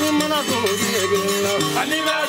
mi mana ko diege alima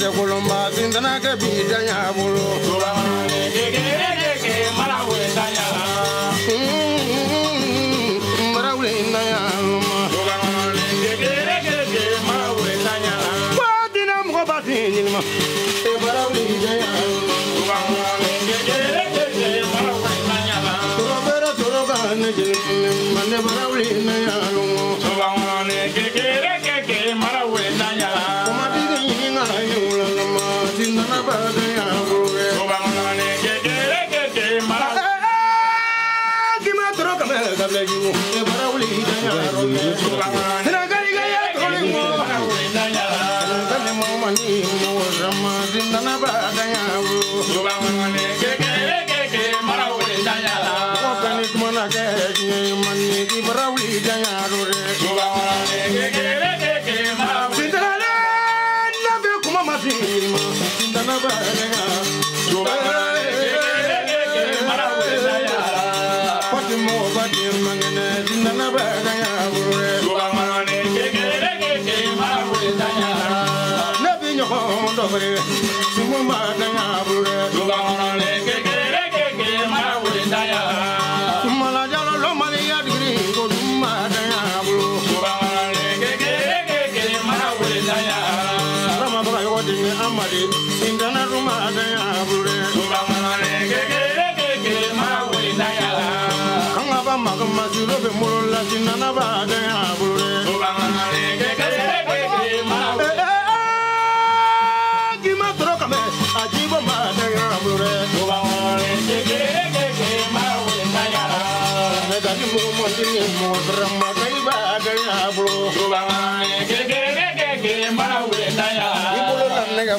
jagulumba sintana ke bi janya bolo. Tuba mana ne jegere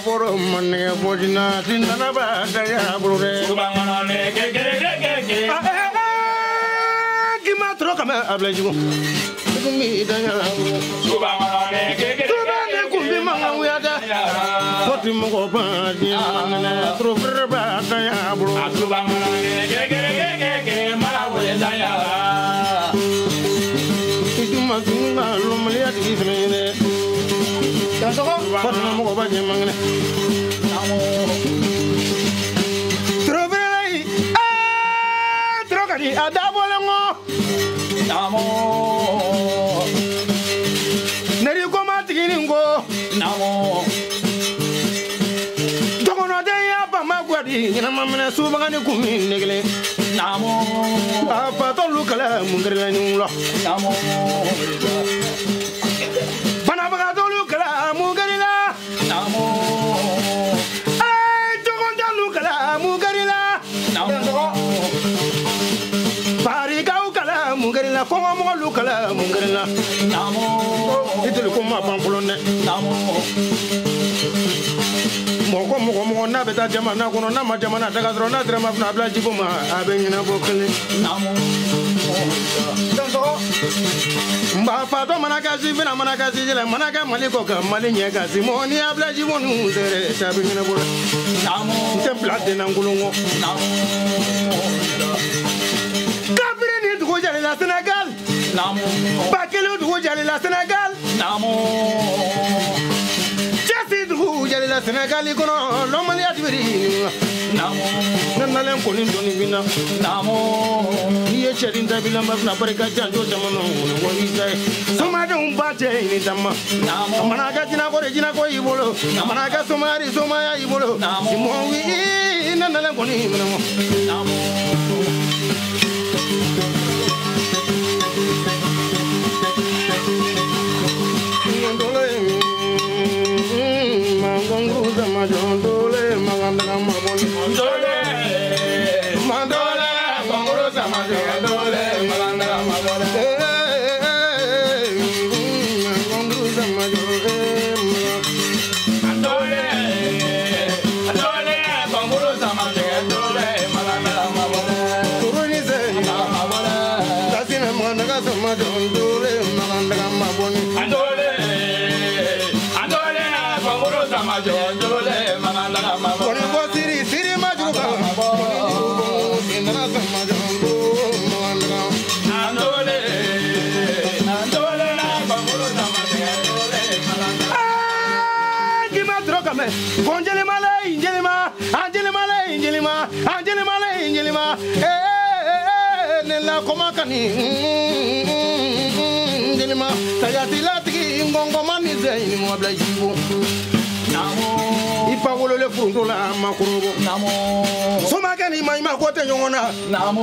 boro manne bojina tinana ba da ya burure subhana ne ke ke ke ke ki ma tro kama abla jigo mi da ya subhana ne ke ke subhana ku bi manga da foti mo ko ba di manga tro ba da ya burure subhana ne ke ke ke ke mala we da ya Juma juma lumalia di semene fatana mogo ba je mangne trovelai a ah, trogadi adabolengo namo neri goma tiginingo namo dogonoden ya bama gwadi ɲinamamina subagani kunmi negele namo a fatolu kala mungirila ɲulo namo nítorí kó máa ban bolo nẹ. mɔgɔ mɔgɔ mɔgɔ n'a bɛ taa jamana kɔnɔ n'a ma jamana daga dɔrɔn n'a dɛrɛ ma fana a bila ma a bɛ ɲɛnabɔ kelen. nba fatɔ mana kɛ sifina mana kɛ sijilɛ mana kɛ mali kɔ kan mali ɲɛ kan si mɔgɔ n'i y'a bila jiko ninnu sɛrɛ a bɛ ɲɛnabɔ dɛ. n bila denna n kolon kabiri ni dugu jɛlen na Bakelou Dourou Jalila Sénégal Thiassi Dourou Jalila Sénégal i kɔnɔ lɔnmali ya tibiri nanalen n'i ye cɛrin dabila n b'a fina barika janjo jamana kɔnɔ wa i ta ye somadenw ba cɛ ɲini dama a mana kɛ jinako de jinako y'i a mana kɛ y'i bolo simɔwi nanalen kɔni minɛ majnun Angelima a Angelima Angelima lay Angelima Angelima ah, lay Angelima ah, eh, eh, eh, eh nella koma kani Angelima tayati latiki ngongo mani zaini mo bla jibo ipa wolole furunto la makorobo somakɛ ni maɲuman ko tɛ ɲɔgɔn na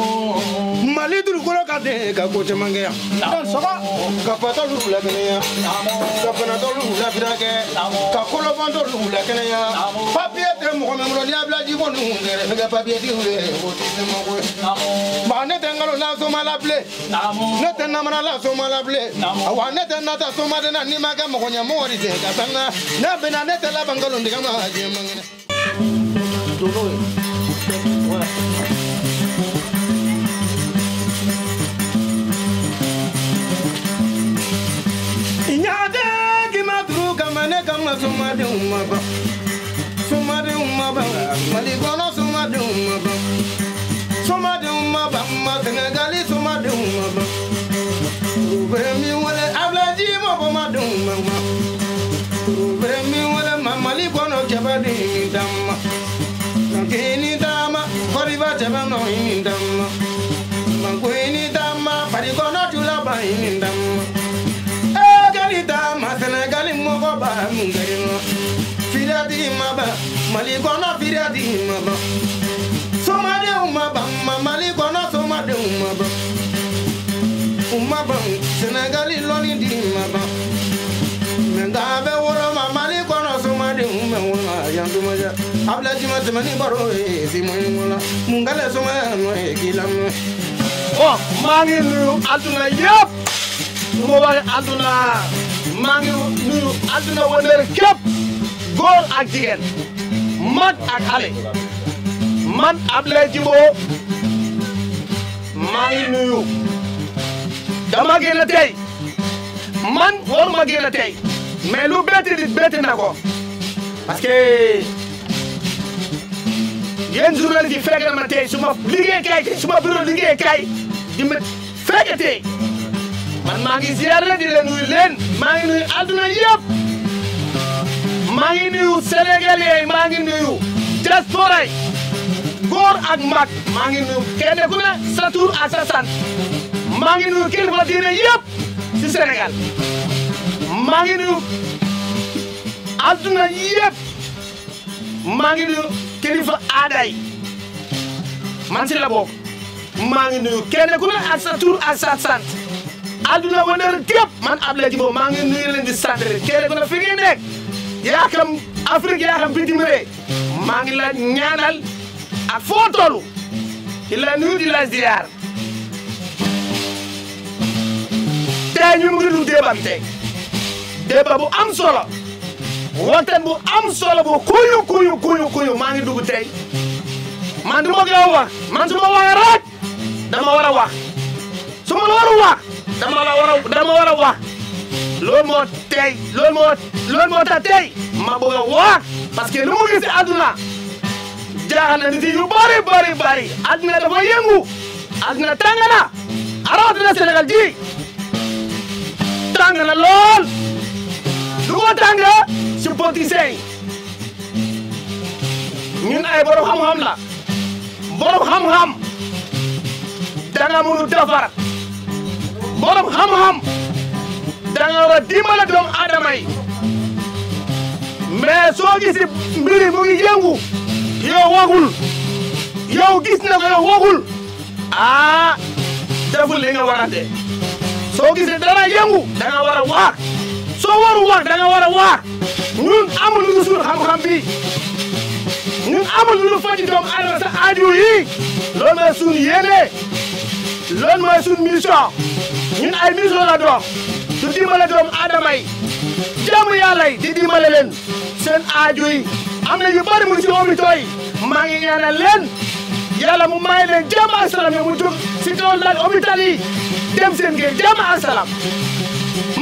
mali dugukolo de ka ko caman kɛ yan dan sɔgɔ ka fatɔlu la kɛnɛya ka banatɔlu la firakɛ ka kolobantɔlu la kɛnɛya papiye tɛ mɔgɔ min bolo n'i y'a bila jiko ninnu yɛrɛ fɛ kɛ papiye tigiw ye o ti se mako ye nka ne tɛ nkalon na soma la bilen ne tɛ namara la soma la bilen awa ne tɛ nata soma de na n'i ma kɛ mɔgɔ ɲɛmɔgɔ de tɛ ka sanga ne bɛna ne tɛ laban nkalon tigɛ ma diɲɛ man ne kama sumadenw ma ban ma ban mali kɔnɔ ma ban sumadenw ma ban ma sɛnɛgali sumadenw ma ban u bɛ min wele abilaji mɔgɔ ma denw ma ban u bɛ min wele ma mali kɔnɔ cɛbaden min dan ma kankini dan ma kɔriba cɛbɛ nɔ in dan ma mankoyini dan ma farikɔnɔ tula ban in dan ee kɛli dan maba mungerima firadi maba mali kɔnɔ firadi maba somadenw maba ma mali kɔnɔ somadenw maba u maba sɛnɛgali lɔni di maba mɛnka a bɛ wɔrɔma mali kɔnɔ somadenw bɛ wɔrɔma yantumajɛ abila jima tɛmɛni baro ye simɔni wɔla munkale somaya nɔ ye k'i lamɛn. ɔ oh, maa ngi nuyu aduna yɛp mɔbali aduna. maa ngi nuyu àdduna wëndeel képp góor ak jigéen mag ak xale man Abdoulaye Djimbo maa nuyu dama génn tey man waruma génn tey mais lu betti nit betti na ko parce que yéen journaliste ma tey suma liggéey kay suma bureau liggéey kay di ma fekk tey man maa ngi ziyaare di leen nuyu leen maa ngi nuyu àdduna yëpp maa nuyu sénégalais yi maa nuyu diaspora yi ak mag maa nuyu kenn ku ak sa sant nuyu kilifa diine yëpp ci Sénégal nuyu àdduna yëpp maa nuyu kilifa ak sa ak sa àdduna wëndeel képp man Abdoulaye Djibo maa ngi nuyu leen di sant rek ku ne fi ngeen nekk yaa xam Afrique yaa maa ngi la ñaanal ak foo toll di la nuyu di la ziar tey ñu ngi dund débat tey débat bu am solo waxtaan bu am solo bu kuyu kuyu kuyu kuyu maa ngi dugg tey man du ma gaaw wax man su ma rek dama war a wax su ma la war a dama la war dama war a wax moo tey loolu moo loolu moo tax tey ma bëgg a wax parce que lu gis si àdduna na nit yi yu bëri bëri bëri àdduna dafa yëngu àdduna tàng na rawatina ji tàng lool lu ko si politiciens ñun ay borom xam-xam la borom xam-xam danga mënu defar borom xam-xam da nga war a dimbale doomu aadama yi mais soo gisi mbiri mu ngi yëngu wagul yow gis na ko wagul aa ah, deful li nga war soo gisi dara yëngu da nga war soo waru waar da nga war a amul lu suñu xam-xam bi ñun amul lu faji doomu aadama sa aaju yi loolu mooy suñu yéene loolu mooy suñu mission ñun ay mission la dox su dimbale doomu aadama yi jaamu yàlla yi di dimbale leen seen aaju yi am na yu bari mu ci hôpitaux yi maa ngi ñaanal leen yàlla mu may leen jàmm ak salaam si kaw laaj hôpital yi dem seen ngir jàmm ak salaam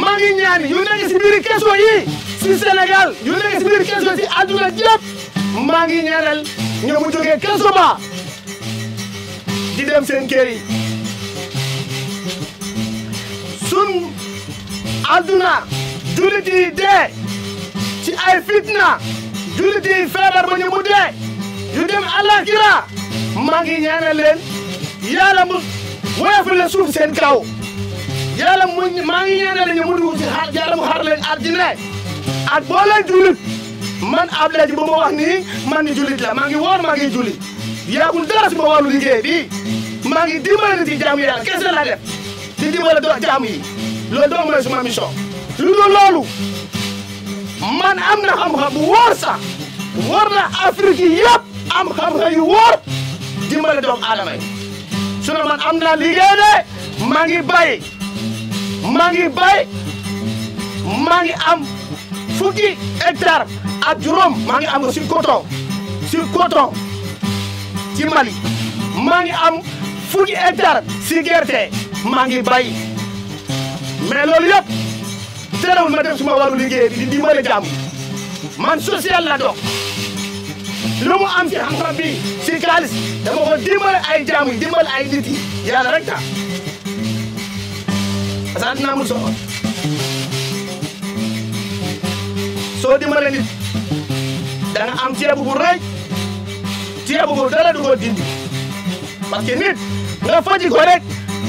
maa ñaan yu nekk si biir si Sénégal yu nekk si biir si àdduna yëpp maa ngi ñaanal ñoo mu di dem seen kër yi. sun adduna jullit yi dee ci ay fitna jullit yi feebar ba ñu mu dee yu dem àllaaxira maa ngi ñaanal leen yàlla mu woyofale suuf seen kaw yàlla mu maa ngi ñaanal ñu mu dugg ci xar yàlla mu xar leen àddina at boo leen man Abdoulaye Diouf ba ma wax nii man ni jullit la maa ngi woor maa ngi jullit yàggul dara su ma wàllu liggéey bi maa ngi dimbali ci jaamu yàlla kese la def di dimbale do jaam yi doo mooy suma mission lu loolu man am na xam-xam bu wóor na Afrique yi am xam-xam yu wóor dimbale doomu aadama yi su ne man am ngi bay maa ngi bay maa ngi am fukki hectare ak juróom maa ngi am ko si coton ci Mali maa ngi am fukki hectare si gerte maa ngi bay mais loolu yëpp terewul ma def suma waru liggéey bi di dimbale man social la dox lu mu am ci xam-xam si xaalis dama ko dimbale ay jàmm yi ay nit yi yàlla rek tax asan dinaa soo dimbale nit da nga am ceebu bu rëy ceebu bu dara du dindi parce que nga faji ko rek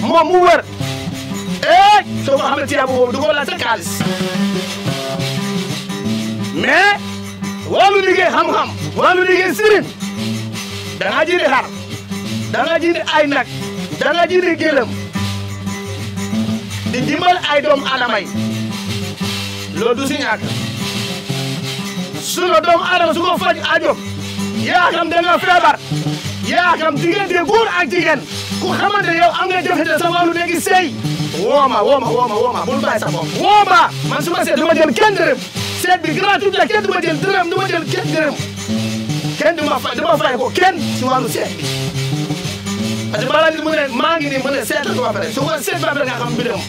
moom mu wër eh soo ko xamante ne boobu du ko laajte xaalis mais liggéey xam-xam liggéey sëriñ da ngaa jëndi xar ay nag da ngaa jëndi di dimbal ay doomu aadama yi du si ñàkk su la doomu faj ajo yaa xam da nga feebar. yaa xam diggante góor ak jigéen ku xamante yow am nga jafe-jafe sa wàllu léegi sëy wooma wooma wooma wooma wooma man su ma seet du ma jël kenn dërëm seet bi gratuit la kenn du ma jël dërëm du ma ma fay du ma fay mu ne maa mu ne seet la ba su ko seet ba nga xam mbiram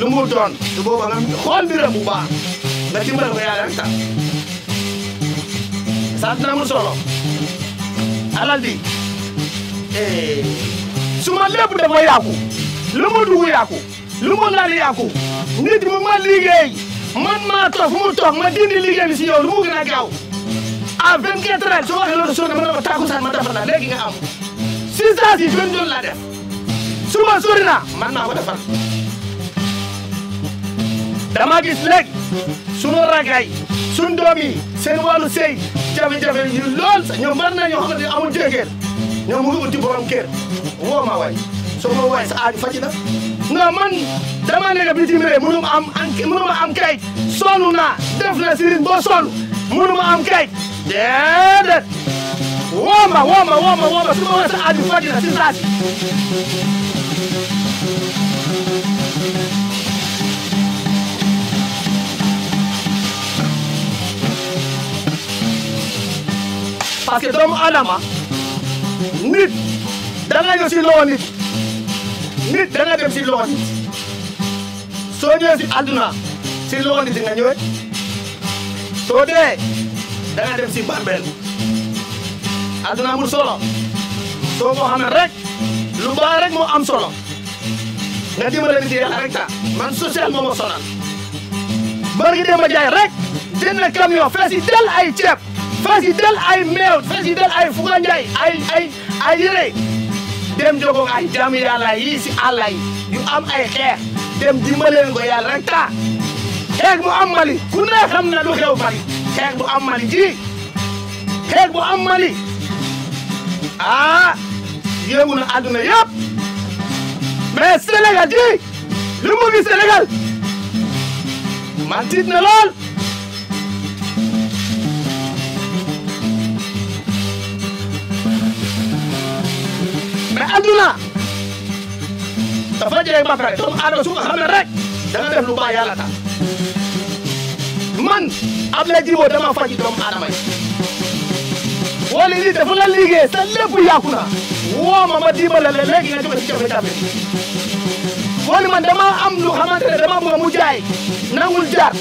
lu mu doon su boobaa nga xool mbiram bu baax na mu solo alal di Eh. su lépp dafa yàqu lu ma dugg yàqu lu ma nit mu ma liggéey man maa toog fu ma dindi liggéey si yow lu mu a gaaw à 24 heures su ma waxee ma ne ma ma defar la léegi nga am si saa si benn yoon laa def su ma man maa ko defar dama gis léegi sunu ragay sunu doom yi seen wàllu sëy jafe-jafe lool ñoom bari na ñoo xam ne amul ñoom mu ngi uti kër woo ma soo ma waay sa aaju faji na man dama nekk bitim réew mënu am am kayit sonn naa def na sëriñ boo sonn mënu am kayit déedéet woo ma woo ma woo ma woo ma sa aaju faji si saa nit da nga ñëw loo nit nit da nga dem si loo nit soo ñëwee si nga ñëwee soo dee da nga dem si bàmbeel àdduna amul solo soo ko xamee rek lu baax rek mo am solo nga dimbale nit yàlla rek ta man social moo ma sonal bari dem ma jaay rek jënd camion fees yi del ay ceeb fas yi del ay meew fas yi del ay Fouga ay ay ay dem jogoog ay jàmm yàlla yii si àll yu am ay xeex dem dimbaleen ko yàlla xeex bu am Mali ku ne xam na lu xew Mali xeex bu am Mali ji xeex bu am Mali ah yëngu na àdduna yëpp mais Sénégal ji lu mu ngi Sénégal man tiit na lool. adduna dafa jeex ba pare doomu aadama su ko xam ne lu baax yàlla tax man Abdoulaye Djibo dama faji doomu aadama yi wala lii dafa la liggéey sa lépp yàqu na woo ma ma dimbale la léegi nga jóge ci jafe-jafe wala man dama am lu xamante ne dama bëgg mu jaay nangul jaar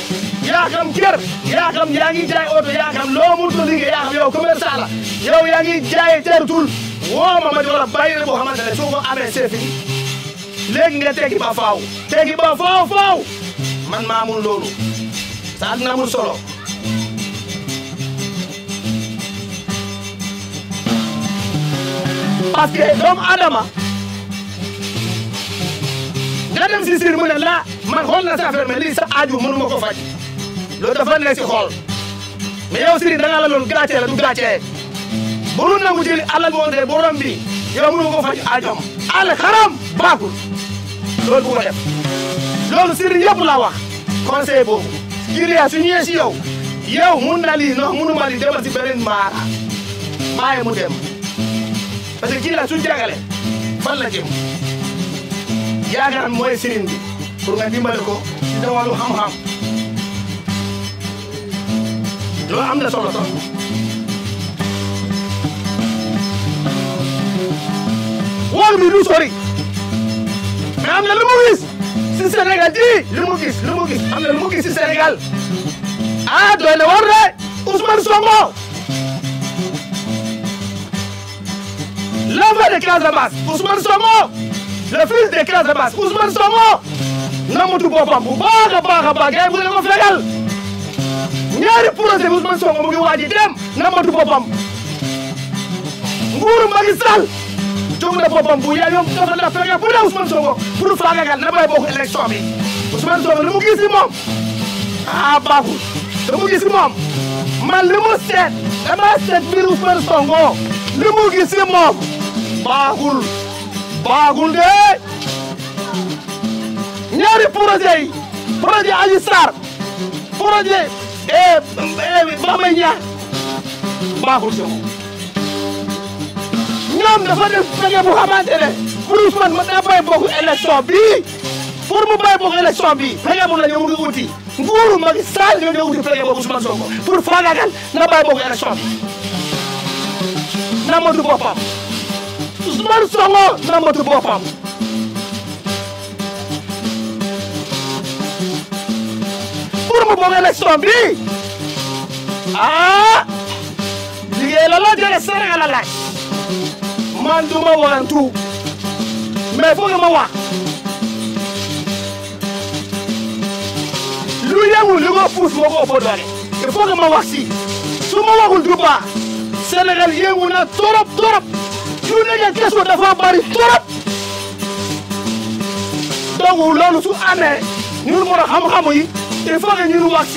yaa xam kër yaa xam jaay oto yaa xam loo mënut a liggéey yaa xam yow commerçant la yow woo ma ma di war a boo xamante ne su ma amee seefi léegi nga teggi ba faaw teggi ba faaw faaw man maa mun loolu sa àddina solo parce doomu adama nga dem si siir mu ne la man xool na sa affaire mais lii sa aaju mënu ma ko faj loolu nekk si xool mais yow siri da nga la loon ba nu nangu jëli alal moo dee borom bi yow mënu ko faj aajom al xaram baaxul loolu bu ko loolu sëriñ yëpp laa wax conseil boobu kiriya su ñëwee si yow na lii non munu ma lii demal maara bàyyi mu dem parce que kiriya su jagale fan la jëm yaakaar mooy bi pour nga dimbale ko ci wàllu xam-xam loolu am na solo trop xool mi du sori mais am na lu mu gis si Sénégal ji lu mu gis lu mu gis am na lu mu gis si Sénégal ah doy na war de Ousmane Sonko l'enfant de Casamance Ousmane Sonko le fils de Casamance Ousmane Sonko namatu boppam bu baax a baax a baax gars yi bu ne ma fegal ñaari projet bi Ousmane Sonko mu ngi waaj a dem namatu boppam nguuru Macky Sall jóg na bu yaay yomb dafa la fexe bu dee Ousmane Sonko pour faagagal na bay bokk élection bi Ousmane Sonko li mu moom ah baaxul li mu moom man li mu seet dama seet mbir Ousmane Sonko li mu moom baaxul baaxul de ñaari projet yi projet Adji Sarr projet eh baaxul eh. si ñoom dafa def fekkee bu xamante ne pour Ousmane mën naa bay bokk élection bii pour mu bay bokk élection bii fekkee moom la ñu ngi uti nguuru Macky Sall ñoo ngi uti fekkee bokk Ousmane Sonko pour faagaagal na bay bokk élection bi na matu boppam Ousmane Sonko na matu boppam pour mu bokk élection bii ah liggéey la la jëlee man duma wantu mais foog nga ma wax lu yëngu lu ma fuus ma ko ëpp doole il ma wax su ma waxul du baax Sénégal yëngu na torop torop su nekkee question dafa bari torop donc loolu su amee ñun mën a xam-xamu yi il faut ñun wax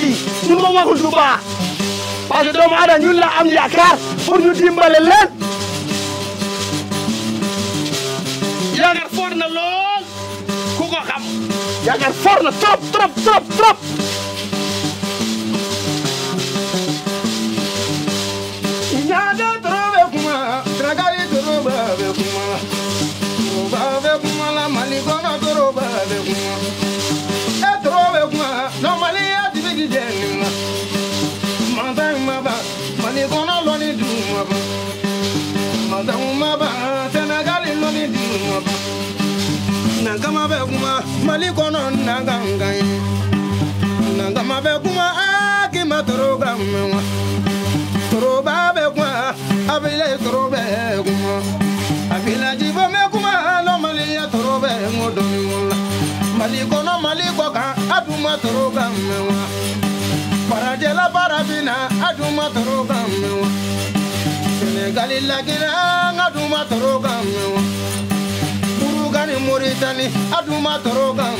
ñun ma waxul du baax parce que doomu ñun la am yaakaar pour ñu dimbale leen. yaakaar foor na lool ku ko xam. yaakaar foor na trop trop trop trop. mali kɔnɔ nanga nga ye nanga ma bɛ kuma a k'i toro ka mɛn wa toroba bɛ kuma a bɛ lɛ toro bɛ kuma a bɛ laji fɔ mɛ kuma lɔ mali toro bɛ ŋo dɔɔni ŋo la mali a dun toro ka mɛn wa farajɛla farafinna a dun toro ka mɛn wa sɛnɛgali laginɛ an ka dun ma toro ka mɛn wa. ka ni moritani a dun ma tɔɔrɔ kan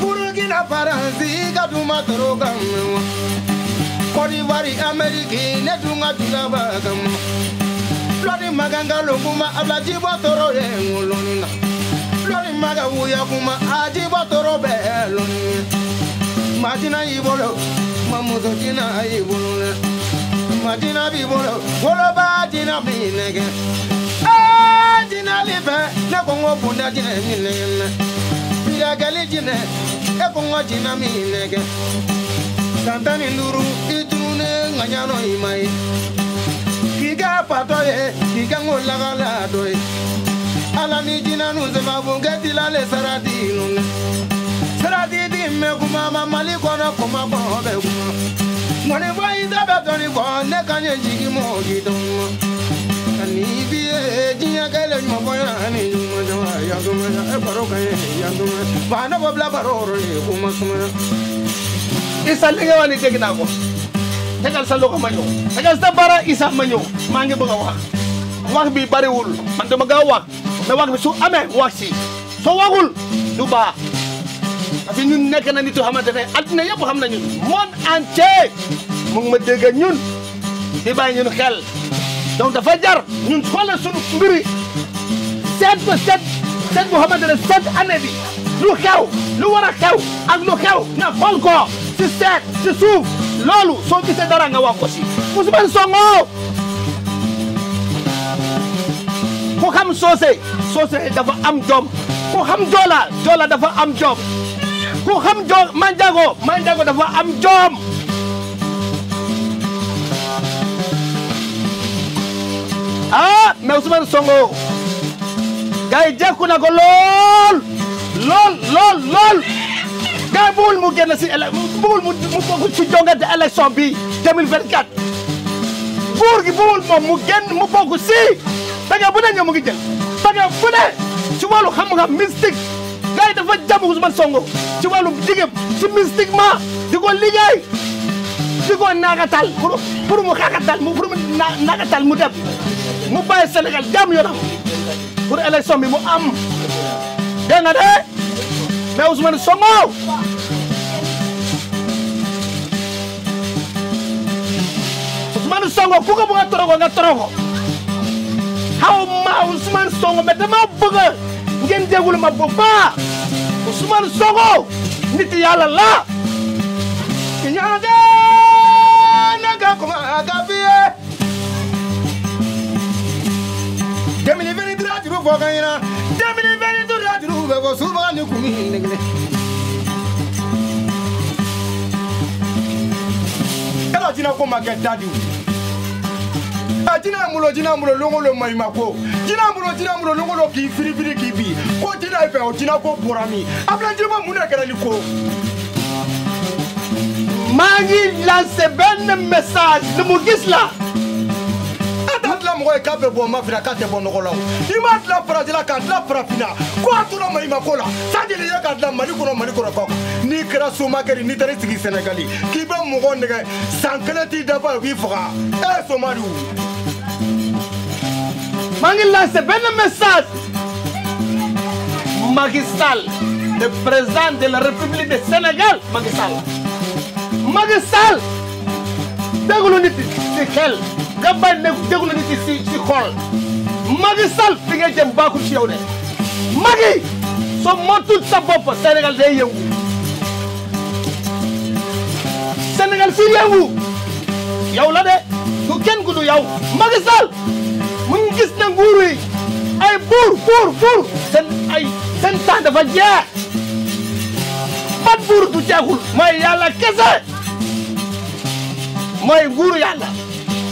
mɛn wa faransi ka dun ma tɔɔrɔ kan mɛn wa kɔdiwari ameriki ne dun ka b'a kan ma lɔri ma kan ka lokuma abilaji bɔ tɔɔrɔ ye ŋoloni na lɔri ma ka wuya kuma aji bɔ tɔɔrɔ bɛɛ lɔni ye maa tina y'i bolo ma muso tina y'i bolo dɛ maa tina b'i bolo woloba tina b'i nɛgɛ. dinali fɛ ne ko n ko kunda jinɛ mi nɛgɛ pirakɛli jinɛ e ko n ko jinɛ mi nɛgɛ san ni duuru i tununnen ka ɲanɔ i ma ye k'i a fatɔ ye k'i kɛ n ko a dɔ ye ala ni jinɛ nu sɛbɛbun kɛ dilale sarati nu kɛ sarati di mɛ kuma ma mali kɔnɔ kuma kɔnɔ bɛ kuma mɔnifɔ yi tɛ bɛ tɔni kɔ ne ka ɲɛ jigi mɔgɔ k'i ni biye diya kele ma boya ni ma jawa ya duma ya e baro kan ya duma ba na bo bla baro ro ye ko ma suma isa li nga wani dégg naa ko tegal sa loxo ma ñëw tegal sa bara isa ma ñëw maa ngi bëgg a wax wax bi bariwul man dama gaaw wax mais wax bi su amee wax si soo waxul du baax parce que ñun nekk na nit yoo xamante ne adduna yëpp xam nañu monde entier mu ngi ma dégg ñun di bàyyi xel donc dafa jar ñun xoolal sunu mbiri seet ba seet seet boo xamante seet année lu xew lu war a xew ak lu xew nga xool ko si seet si suuf loolu soo gisee dara nga wax ko si Ousmane Sonko ku xam soose soose dafa am jom ku xam joola joola dafa am jom ku xam jo manjago manjago dafa am jom ah mais Ousmane Sonko gars yi jekku na ko lool lool lool lool gars yi mu génn si ele bëggul mu bokk ci jongante élection bi 2024 buur gi bëggul moom mu génn mu bokk si pege bu ne ñoom mu ngi jël bu ne ci wàllu xam-xam mystique gars yi dafa jàmm Ousmane Sonko ci wàllu jigéen ci mystiquement di ko liggéey su ko naagatal pour pour mu xaaxatal mu pour mu naagatal mu dem mu bàyyi Sénégal jàmm yoonam pour élection bi mu am. dégg nga de mais Ousmane Sonko. Ousmane Sonko ku ko bëgg a torogo nga torogo xaw ma Ousmane Sonko mais dama bëgg ngeen déglu ma bu baax Ousmane Sonko nit yàlla la. ñaanal kuma agafiye demili fɛnɛ dira juru fɔ ka ɲina demili fɛnɛ dira juru bɛ fɔ subaga ni kumi negele yala jinɛ ko ma kɛ dadiw jinɛ mulo jinɛ mulo longo lo maɲuma ko oh. jinɛ mulo jinɛ mulo longo lo k'i firifiri k'i bi ko jinɛ fɛ o jinɛ ko bɔra a filɛ jinɛ mun de kɛra ni ko maa ngi lancé benn message ni mu gis la atla mɔgɔ ye k'a bɛ bɔ mafina k'a tɛ bɔ nɔgɔ i m'a dilan farazila k'a dilan farafina ko a tora maɲumako la sadili ye k'a dilan mali kɔnɔ mali kɔnɔ kaw n'i kɛra somakɛri n'i taara sigi sɛnɛgali k'i bɛ mɔgɔ nɛgɛ san kelen t'i dafa ye k'i faga ee eh, somariw mangi lance benn message Macky Sall le président de la République de Sénégal Macky Sall déglu nit si xel nga bañ ne si xol Macky Sall fi nga jëm baaxul ci yow de Macky soo motul sa bopp Sénégal day yëngu Sénégal fi yëngu yow la de du kenn ku du yow mu ngi ne nguur yi ay buur buur buur seen ay seen temps dafa jeex bat buur du jeexul mooy yàlla kese mooy nguuru yàlla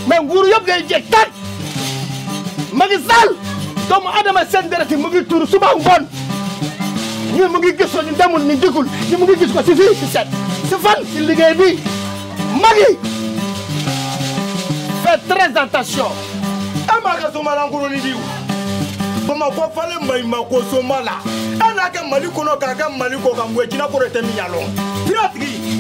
mais nguuru yëpp ngay jeeg tan Macky doomu adama seen deret yi mu ngi tuur suba ngoon ñun mu ngi gis ko ñu demul si fan si liggéey bi Macky fait très attention ka soma la ni diw bamakɔ falen maɲumako soma la a n'a kɛ mali kɔnɔ k'a kɛ mali kɔ kan gɛn jinɛ ko de tɛ min yalɔ sira tigi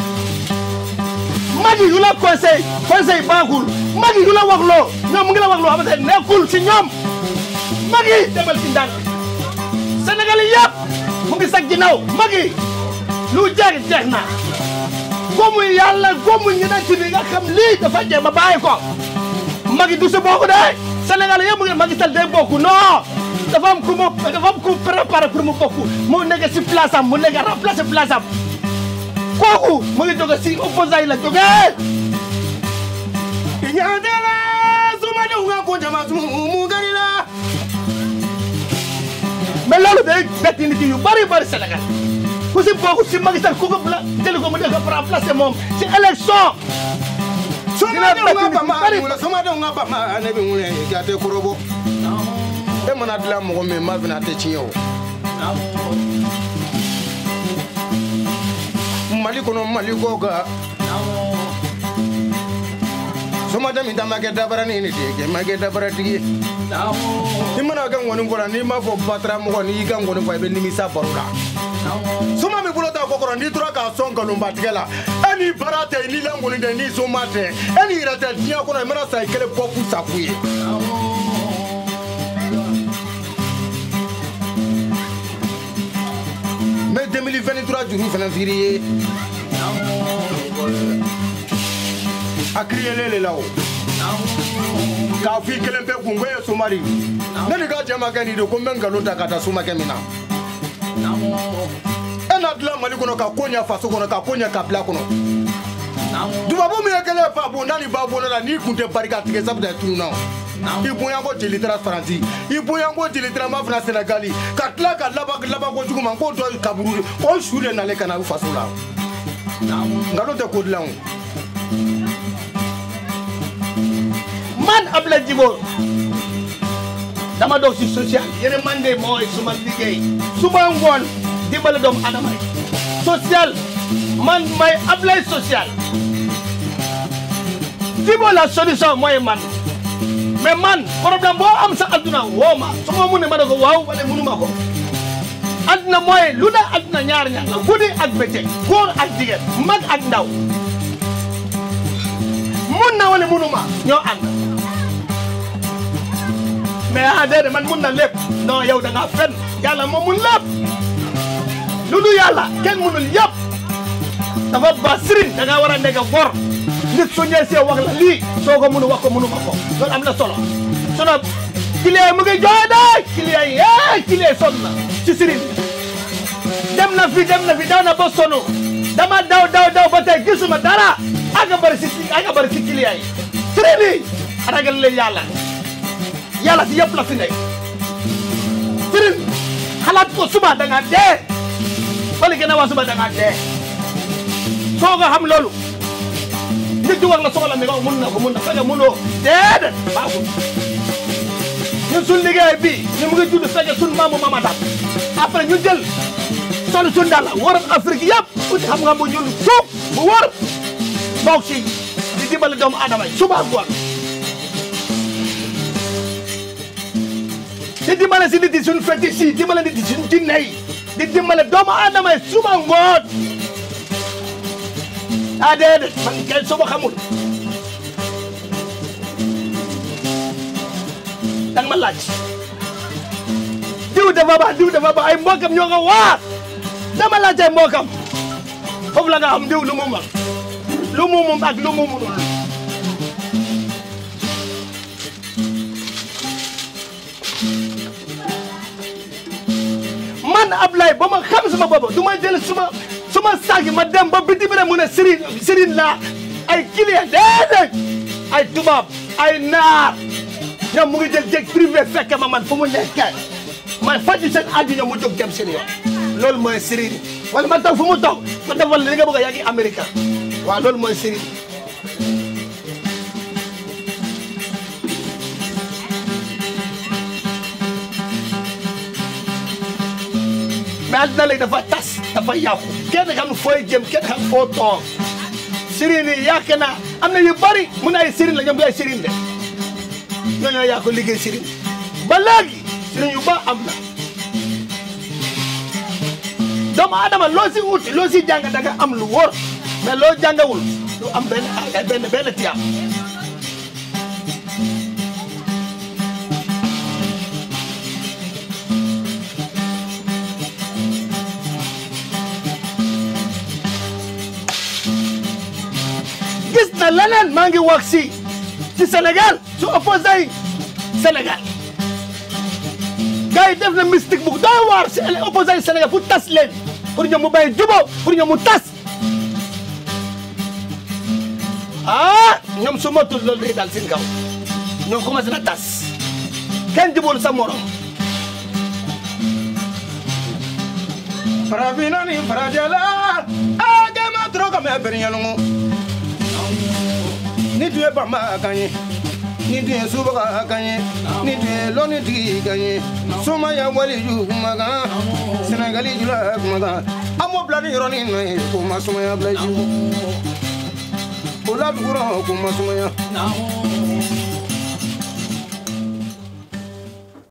mag yi ñu la conseil conseil baaxul mag yi ñu la wax loo ñoom mu ngi la wax loo xamante ne nekkul si ñoom mag demal si ndànk Sénégal mu ngi sag ginnaaw mag lu jeex jeex na góomu yàlla góomu ñeneen ci bi nga xam lii dafa jeex ba bàyyi ko mag yi du si bokk de Sénégal yëpp mu ngi mag sal day bokk non dafa mu dafa am ku préparé pour mu bokk mu nekk si place am mu nekk remplacé place kooku mu ngi jóge si opposant yi la jógee. ñaateela suma ñëw nga ko jama su mu gëri la. mais loolu day bett nit yu bari bari Sénégal ku si bokk si Macky ku ko la jëli ko mu def ko remplacer moom si élection. suma ñëw nga ba ma suma ñëw nga ba ma ne bi mu ne gàtte korobo. e mana dilan mɔgɔ m'a bɛna a tɛ mali kɔnɔ ko kan somada min ta ma kɛ dabarani ni de ye kɛ ma kɛ dabaratigi ye i mana kɛ ŋɔni fɔ la n'i m'a fɔ batara mɔgɔ n'i y'i ka ŋɔni fɔ i bɛ nimisa baro la min bolo t'a kɔ kɔrɔ n'i tora k'a sɔn nkalonbatigɛ la e n'i baara tɛ n'i laŋoni tɛ n'i soma tɛ e n'i yɛrɛ tɛ diɲɛ kɔnɔ i mana sa i kelen bɔ k'u ye 2023 juru fana firi ye akili yelen le la o k'a fɔ i kelen ye somari ne ni ka jɛ kɛ nin de ko n bɛ nkalon ta ka taa somakɛ min na e na dilan mali kɔnɔ ka ko ɲɛ faso kɔnɔ ka ko ɲɛ kabila kɔnɔ dubabu min ye kelen fa bonda ni ba bonda la n'i kun tɛ tununna o i bonyanko jelitara faransi i bonyanko jelitarama fana senegali ka tila ka labako jugu ma k'o kaburu o su nale ka na u faso la nkalon tɛ kodilan o man abla jibo dama dɔw si social yɛrɛ man de mɔgɔ ye sumalige ye suman wɔn dibale dɔm adama ye man may abla ye social jibo la man mais man problème boo am sa adduna woo ma su ma mun ne ma waaw wala munuma ko mooy lu ne adduna ñaar ñaar la guddi ak bëccëg góor ak jigéen mag ak ndaw mun na wala munuma ñoo ànd mais ah déedéet man mun na lépp non yow da fen yàlla moo mun lépp lu dul yàlla kenn munul yëpp dafa ba sëriñ da ngaa war nit su ñëwee see wax la lii soo ko mënu wax ko mënu ma ko am na solo sono client mu ngi jooy day client yi eh client na ci sëriñ dem na fi dem na fi daw na ba sonu dama daw daw daw ba tey gisuma dara aga bari si si client yi sëriñ yi ragal leen si yëpp la fi nekk sëriñ ko suba da dee wala gën waa suba da dee soo ko loolu ci diwar la soxla mi nga mun na ko mun na ko mënoo déedéet baaxul ñun suñ liggéey bi ñu mu ngi judd fekk suñ maamu mama daal après ñu jël solu suñ daal waral Afrique yëpp uti xam nga bu ñun suuf bu wër di di dimbale si doomu aadama suba ngoon ah déedéet man kenn su ma xamul danga ma laaj diw dafa baax diw dafa baax ay mbokam ñoo ko waar dama laaj ay mbokam foofu la nga xam diw lu mu mag lu mu mum ak lu mu munul man Ablaye ba ma xam sama bopp du ma jël sama su ma sàgg ma dem ba bitim réew mu ne Serigne Serigne laa ay client déedéet ay tubaab ay naar ñoom mu ngi jël jég privé fekke ma man fu mu nekkee man fajj seen aju ñoom mu jóg dem seen yoon loolu mooy Serigne wala ma toog fu mu toog ma defal li nga bëgg a yaa ngi Amérique waaw loolu mooy Serigne. àddina léegi dafa tas dafa yàqu kenn xam fooy jëm kenn xam foo toog am na yu bari mun ay sëriñ la ñoom du ay sëriñ ñoo ñoo yàqu liggéey sëriñ ba léegi sëriñ yu ba am na doomu adama loo si wuti loo si jàng da am lu wóor mais loo jàngawul lu am benn benn benn tiyaam naa leneen maa ngi wax si si Sénégal su opposant yi Sénégal gars yi na mystique bu doy waar si opposant yi Sénégal pour tas leen pour ñoom mu bàyyi jubóo pour ñoom mu tas ah ñoom su motul loolu day daal seen kaw ñoom commencé na tas kenn jubóolu sa morom. Para vinani para jala, agama droga me abrinyalungu. ni tun ye bama kan ni tun ye subaga kan ye ni tun ye lɔnnitigi kan ye sumaya waliju kumakan sɛnɛgali jula kumakan an m'o bila ni yɔrɔnin nɔ ye k'o ma sumaya bila i ju o la dugukɔrɔ k'o sumaya.